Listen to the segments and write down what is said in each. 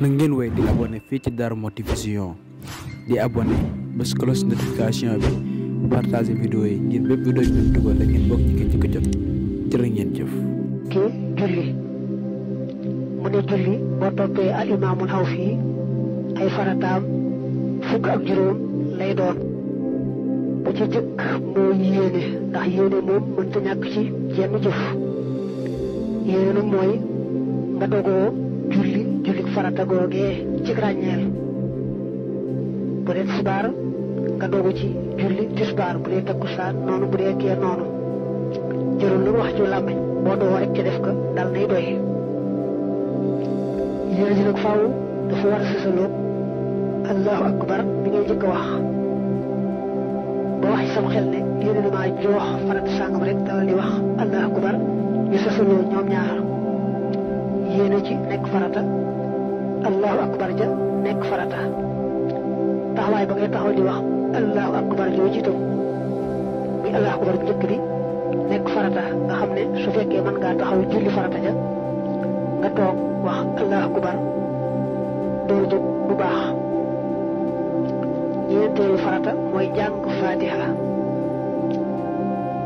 na ngeen wéy di abonné fii ci Darou Mouhty di abonné bés cloche notification bi partager vidéo yi ngir bépp vidéo yi ñu dugal la ngeen bokk ci ci ko jot mu ne julli boo toppee al imaamul xaw fii ay farataam fukk ak juróom lay doon bu ci jëkk moo yéene ndax yéene moom mënta ñàkk ci jenn jëf yéene nag mooy nga dogoo. farata googee ci ràññeel bu dee tisbaar nga doogu ci julli tisbaar bu dee takkusaan noonu bu dee kee noonu jërul lu wax ci làmmiñ boo doo rek ca def ko dal nay doy yéen ji nag faaw dafa war rek dal di wax allahu akbar ñu sësaloo ñoom ñaar yéen ci nekk farata allahu akbar ja nekk farata taxawaay ba ngay taxaw di wax allahu akbar jooju itam muy allahu akbar bu njëkk nekk farata nga xam ne su fekkee mën ngaa taxaw julli farata ja nga toog wax allahu akbar door jóg bu baax ñeenteelu farata mooy jàng faatiha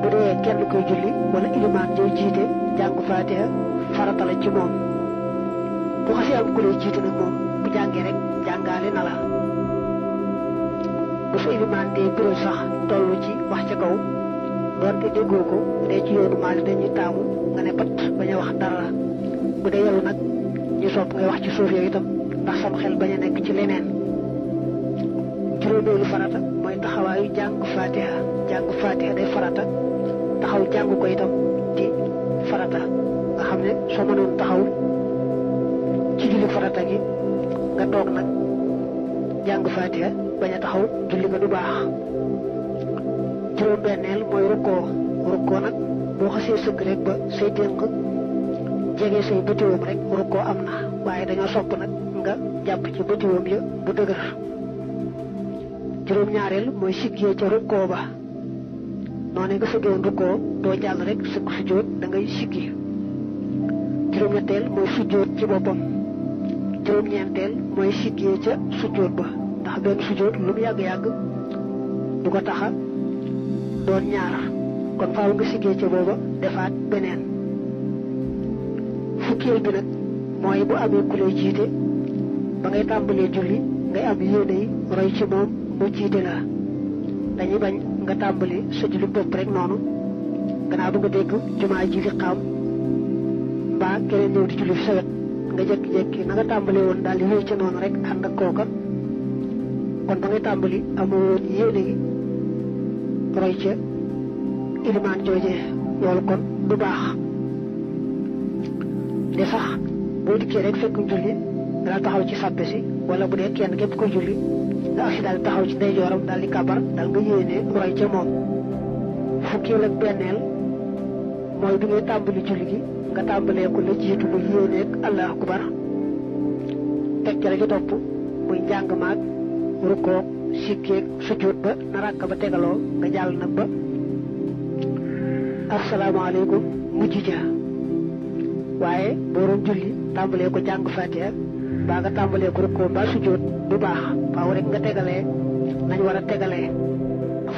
bu dee kenn koy julli wala ilimaan jooy jiite jàng faatiha farata la ci bu xasee am ku lay jiite nag moom bu jàngee rek jàngaale na la bu sax tollu ci wax ca kaw doonte déggoo ko bu dee ci yoonu maali dañuy taamu nga ne pat bañ a wax dara bu dee yow nag ñu sopp ngay wax ci suuf yooyu itam ndax sam xel bañ a nekk ci leneen juróomeelu farata mooy taxawaayu jàng faatiha jàng faatiha day farata taxaw jàng ko itam di farata nga xam ne soo mënoon taxaw julli farata gi nga toog nag jàng faatiha bañ a taxaw julli nga du baax juróom benneel mooy rukkoo rukkoo nag boo xasee sëgg rek ba say dénk jege say bëtiwoom rek rukkoo am na waaye dañoo sopp nag nga jàpp ci bëtiwoom ya bu dëgër juróom ñaareel mooy siggee ca rukkoo ba noonee nga sëggee rukkoo doo jàll rek sëgg sujjóot da siggi juróom ñetteel mooy sujjóot ci boppam juróom-ñeenteel mooy siggee ca sujjóot ba ndax benn sujjóot lu mu yàgg-yàgg du ko taxa doon ñaar kon faaw nga siggee ca booba defaat beneen fukkeel bi nag mooy bu amee ku lay jiite ba ngay tàmbalee julli ngay am yéene yi roy ci moom mu jiite la dañuy bañ nga tàmbali sa julli bopp rek noonu gannaaw ba nga dégg jumaa ji xaam mbaa keneen ñëw di julli fi sa wet nga jekki-jekki na nga tàmbali woon daal di wéy ca rek ànd ak kooka kon ba ngay tàmbali amoon yéene gi roy ca ilimaan jooje loolu kon du baax de sax boo dikkee rek fekk julli daal taxaw ci sàppe si wala bu dee kenn képp ko julli nga agsi daal taxaw ci ndeyjooram daal di kabar daal nga yéene roy ca moom fukkeel ak benneel mooy bi ngay tàmbali julli gi nga tàmbalee ko la jiitu mu yéeneeg allah akbar teg ca la ca topp muy njàng maag rukoog sikkeeg sujjóot ba na ràkk ba tegaloo nga jàll nag ba asalaamaaleykum mujj ja waaye booroom julli tàmbalee ko jàng fatiha baa nga tàmbalee ko rukkoo mbaa sujjóot bu baax faaw rek nga tegalee nañ war a tegalee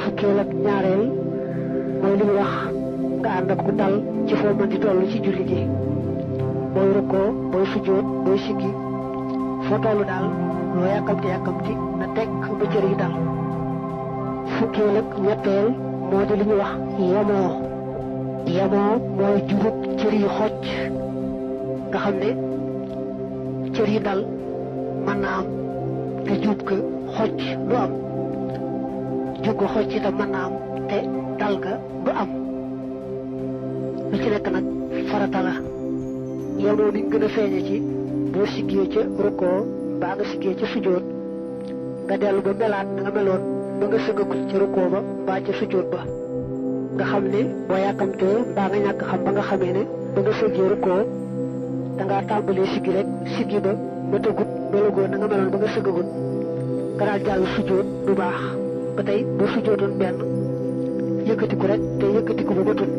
fukkeel ak ñaareel mooy li wax nga ànd ak ku dal ci foo mën di toll ci julli gi booy rukkoo booy sujjóot booy siggi foo toll daal loo yàkkamti yàkkamti na teg ba cër dal fukkeel ak ñetteel moo di li ñu wax yemoo yemoo mooy jubut cër yi nga xam ne cër dal mën na am jub ga xocc du am jub ga xocc itam mën na am te dal ga du am lu ci nekk nag farata la yow doo niñ gën a feeñe ci boo siggee ca rukkoo baa nga siggee ca sujjóot nga dellu ba melaat na nga meloon ba nga sëggagul ca rukkoo ba mbaa ca sujjóot ba nga xam ne boo yàkkamtee mbaa nga ñàkk xam ba nga xamee ne ba nga sëggee rukkoo dangaa tàmbalee siggi rek siggi ba ba tëggut melagoo na nga meloon ba nga sëggagul nga daal jàll sujjóot du baax ba tey boo sujjóotoon benn yëkkatiku rek te yëkkatiku ba matul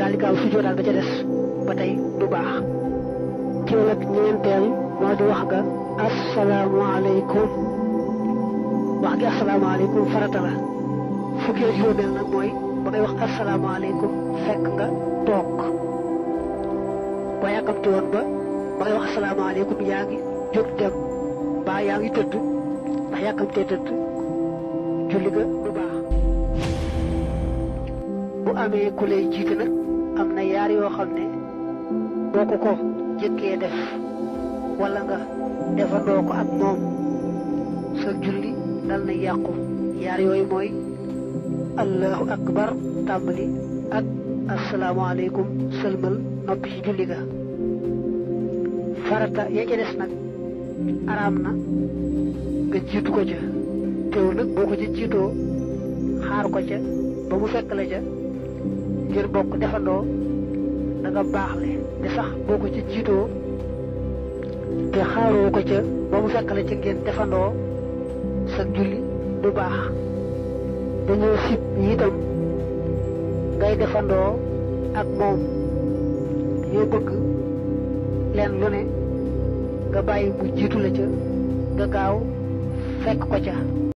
daal di gaaw sujjóotal ba ca ba tey du baax ci nag ñeenteel moo di wax ga asalaamaaleykum wax gi asalaamaaleykum farata la fukki ak juróomeel mooy ba ngay wax asalaamaaleykum fekk nga toog boo yàkkamti woon ba ba ngay wax asalaamaaleykum yaa ngi jóg dem baa yaa ngi tëdd ndax yàkkamtee tëdd julli ga du baax bu amee ku lay jiite am na yaar yoo xam ne boo ko ko jëkkee def wala nga defandoo ko ak moom sa julli dal na yàqu yaar yooyu mooy allahu akbar tàmbali ak asalaamaaleykum sëlmal noppi julli ga farata ya ca nag araam na nga jiitu ko ca teew nag boo ko ca jiitoo xaar ko ca ba mu fekk la ca ngir bokk defandoo na nga baaxle te sax boo ko ca jiitoo te xaaroo ko ca ba mu fekk la ca ngeen defandoo sa julli du baax dañoo sib itam ngay defandoo ak moom dañoo bëgg leen lu ne nga bàyyi mu jiitu la ca nga gaaw fekk ko ca